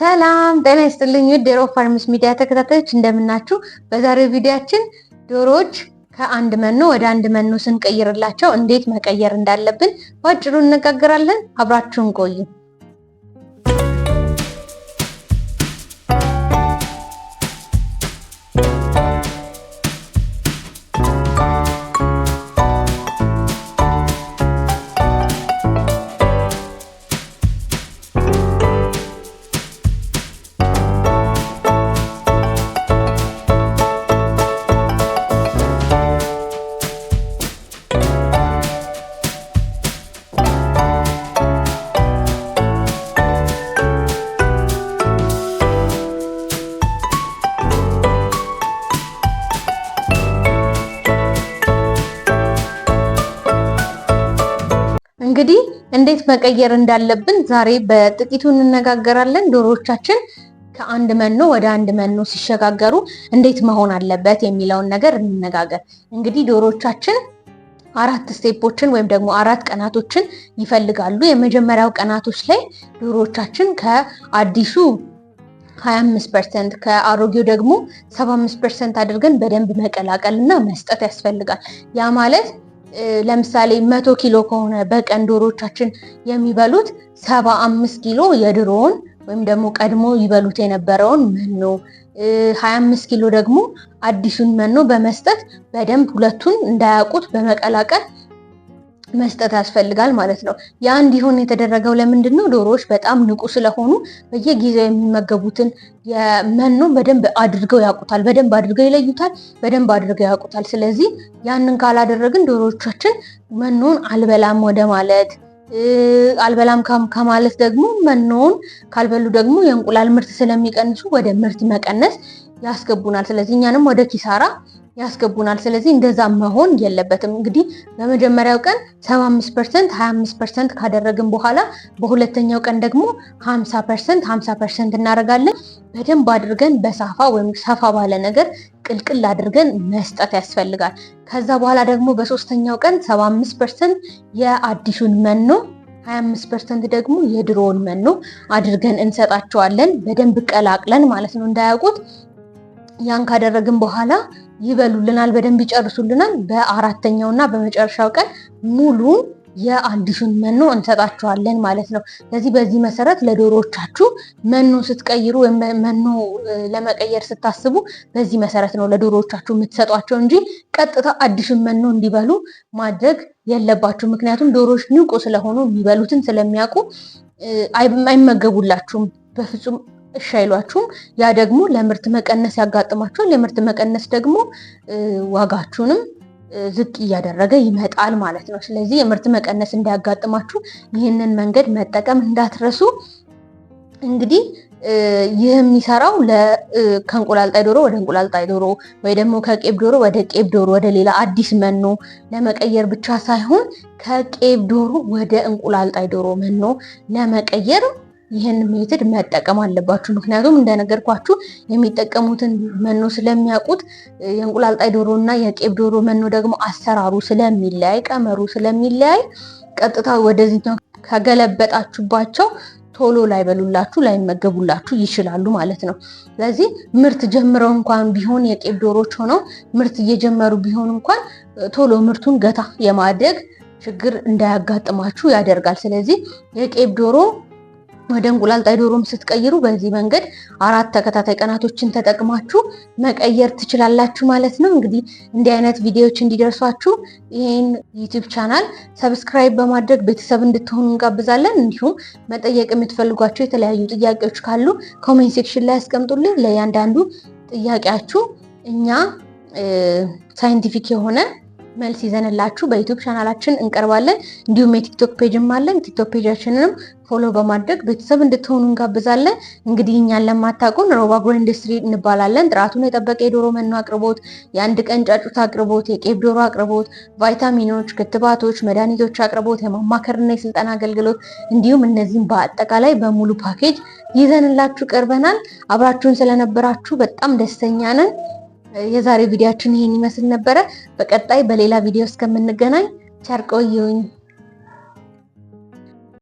ሰላም ጤና ይስጥልኝ ውድ የሮብ ፋርምስ ሚዲያ ተከታታዮች እንደምናችሁ። በዛሬው ቪዲያችን ዶሮዎች ከአንድ መኖ ወደ አንድ መኖ ስንቀይርላቸው እንዴት መቀየር እንዳለብን በአጭሩ እንነጋገራለን። አብራችሁን ቆዩ። እንግዲህ እንዴት መቀየር እንዳለብን ዛሬ በጥቂቱ እንነጋገራለን። ዶሮዎቻችን ከአንድ መኖ ወደ አንድ መኖ ሲሸጋገሩ እንዴት መሆን አለበት የሚለውን ነገር እንነጋገር። እንግዲህ ዶሮዎቻችን አራት ስቴፖችን ወይም ደግሞ አራት ቀናቶችን ይፈልጋሉ። የመጀመሪያው ቀናቶች ላይ ዶሮዎቻችን ከአዲሱ 25 ፐርሰንት ከአሮጌው ደግሞ 75 ፐርሰንት አድርገን በደንብ መቀላቀል እና መስጠት ያስፈልጋል። ያ ማለት ለምሳሌ መቶ ኪሎ ከሆነ በቀን ዶሮቻችን የሚበሉት ሰባ አምስት ኪሎ የድሮውን ወይም ደግሞ ቀድሞ ይበሉት የነበረውን መኖ፣ ሀያ አምስት ኪሎ ደግሞ አዲሱን መኖ በመስጠት በደንብ ሁለቱን እንዳያውቁት በመቀላቀል መስጠት ያስፈልጋል ማለት ነው። ያ እንዲሆን የተደረገው ለምንድን ነው? ዶሮዎች በጣም ንቁ ስለሆኑ በየጊዜው የሚመገቡትን የመኖ በደንብ አድርገው ያውቁታል፣ በደንብ አድርገው ይለዩታል፣ በደንብ አድርገው ያውቁታል። ስለዚህ ያንን ካላደረግን ዶሮዎቻችን መኖን አልበላም ወደ ማለት አልበላም ከማለት ደግሞ መኖውን ካልበሉ ደግሞ የእንቁላል ምርት ስለሚቀንሱ ወደ ምርት መቀነስ ያስገቡናል። ስለዚህ እኛንም ወደ ኪሳራ ያስገቡናል። ስለዚህ እንደዛ መሆን የለበትም። እንግዲህ በመጀመሪያው ቀን 75 ፐርሰንት 25 ፐርሰንት ካደረግን በኋላ በሁለተኛው ቀን ደግሞ 50 ፐርሰንት 50 ፐርሰንት እናደርጋለን። በደንብ አድርገን በሳፋ ወይም ሰፋ ባለ ነገር ቅልቅል አድርገን መስጠት ያስፈልጋል። ከዛ በኋላ ደግሞ በሶስተኛው ቀን 75 ፐርሰንት የአዲሱን መኖ 25 ፐርሰንት ደግሞ የድሮውን መኖ አድርገን እንሰጣቸዋለን። በደንብ ቀላቅለን ማለት ነው እንዳያውቁት ያን ካደረግን በኋላ ይበሉልናል፣ በደንብ ይጨርሱልናል። በአራተኛው እና በመጨረሻው ቀን ሙሉ የአዲሱን መኖ እንሰጣቸዋለን ማለት ነው። ስለዚህ በዚህ መሰረት ለዶሮዎቻችሁ መኖ ስትቀይሩ ወይም መኖ ለመቀየር ስታስቡ በዚህ መሰረት ነው ለዶሮዎቻችሁ የምትሰጧቸው እንጂ ቀጥታ አዲሱን መኖ እንዲበሉ ማድረግ የለባችሁ። ምክንያቱም ዶሮዎች ንቁ ስለሆኑ የሚበሉትን ስለሚያውቁ አይመገቡላችሁም በፍጹም እሺ አይሏችሁም። ያ ደግሞ ለምርት መቀነስ ያጋጥማችኋል። የምርት መቀነስ ደግሞ ዋጋችሁንም ዝቅ እያደረገ ይመጣል ማለት ነው። ስለዚህ የምርት መቀነስ እንዳያጋጥማችሁ ይህንን መንገድ መጠቀም እንዳትረሱ። እንግዲህ ይህ የሚሰራው ከእንቁላልጣይ ዶሮ ወደ እንቁላልጣይ ዶሮ ወይ ደግሞ ከቄብ ዶሮ ወደ ቄብ ዶሮ ወደ ሌላ አዲስ መኖ ለመቀየር ብቻ ሳይሆን ከቄብ ዶሮ ወደ እንቁላልጣይ ዶሮ መኖ ለመቀየር ይህን ሜትድ መጠቀም አለባችሁ። ምክንያቱም እንደነገርኳችሁ የሚጠቀሙትን መኖ ስለሚያውቁት የእንቁላል ጣይ ዶሮ እና የቄብ ዶሮ መኖ ደግሞ አሰራሩ ስለሚለያይ፣ ቀመሩ ስለሚለያይ ቀጥታ ወደዚህኛው ከገለበጣችሁባቸው ቶሎ ላይበሉላችሁ ላይመገቡላችሁ ይችላሉ ማለት ነው። ስለዚህ ምርት ጀምረው እንኳን ቢሆን የቄብ ዶሮች ሆነው ምርት እየጀመሩ ቢሆን እንኳን ቶሎ ምርቱን ገታ የማደግ ችግር እንዳያጋጥማችሁ ያደርጋል። ስለዚህ የቄብ ዶሮ ወደ እንቁላልጣይ ዶሮም ስትቀይሩ በዚህ መንገድ አራት ተከታታይ ቀናቶችን ተጠቅማችሁ መቀየር ትችላላችሁ ማለት ነው። እንግዲህ እንዲህ አይነት ቪዲዮዎች እንዲደርሷችሁ ይህን ዩቲዩብ ቻናል ሰብስክራይብ በማድረግ ቤተሰብ እንድትሆኑ እንጋብዛለን። እንዲሁም መጠየቅ የምትፈልጓቸው የተለያዩ ጥያቄዎች ካሉ ኮሜንት ሴክሽን ላይ ያስቀምጡልን። ለእያንዳንዱ ጥያቄያችሁ እኛ ሳይንቲፊክ የሆነ መልስ ይዘንላችሁ በዩቱብ ቻናላችን እንቀርባለን። እንዲሁም የቲክቶክ ፔጅም አለን። ቲክቶክ ፔጃችንንም ፎሎ በማድረግ ቤተሰብ እንድትሆኑ እንጋብዛለን። እንግዲህ እኛን ለማታውቁን ሮብ አግሮ ኢንዱስትሪ እንባላለን። ጥራቱን የጠበቀ የዶሮ መኖ አቅርቦት፣ የአንድ ቀን ጫጩት አቅርቦት፣ የቄብ ዶሮ አቅርቦት፣ ቫይታሚኖች፣ ክትባቶች፣ መድኃኒቶች አቅርቦት፣ የማማከርና የስልጠና አገልግሎት እንዲሁም እነዚህም በአጠቃላይ በሙሉ ፓኬጅ ይዘንላችሁ ቀርበናል። አብራችሁን ስለነበራችሁ በጣም ደስተኛ ነን። የዛሬ ቪዲያችን ይሄን ይመስል ነበረ። በቀጣይ በሌላ ቪዲዮ እስከምንገናኝ ቸር ቆዩኝ።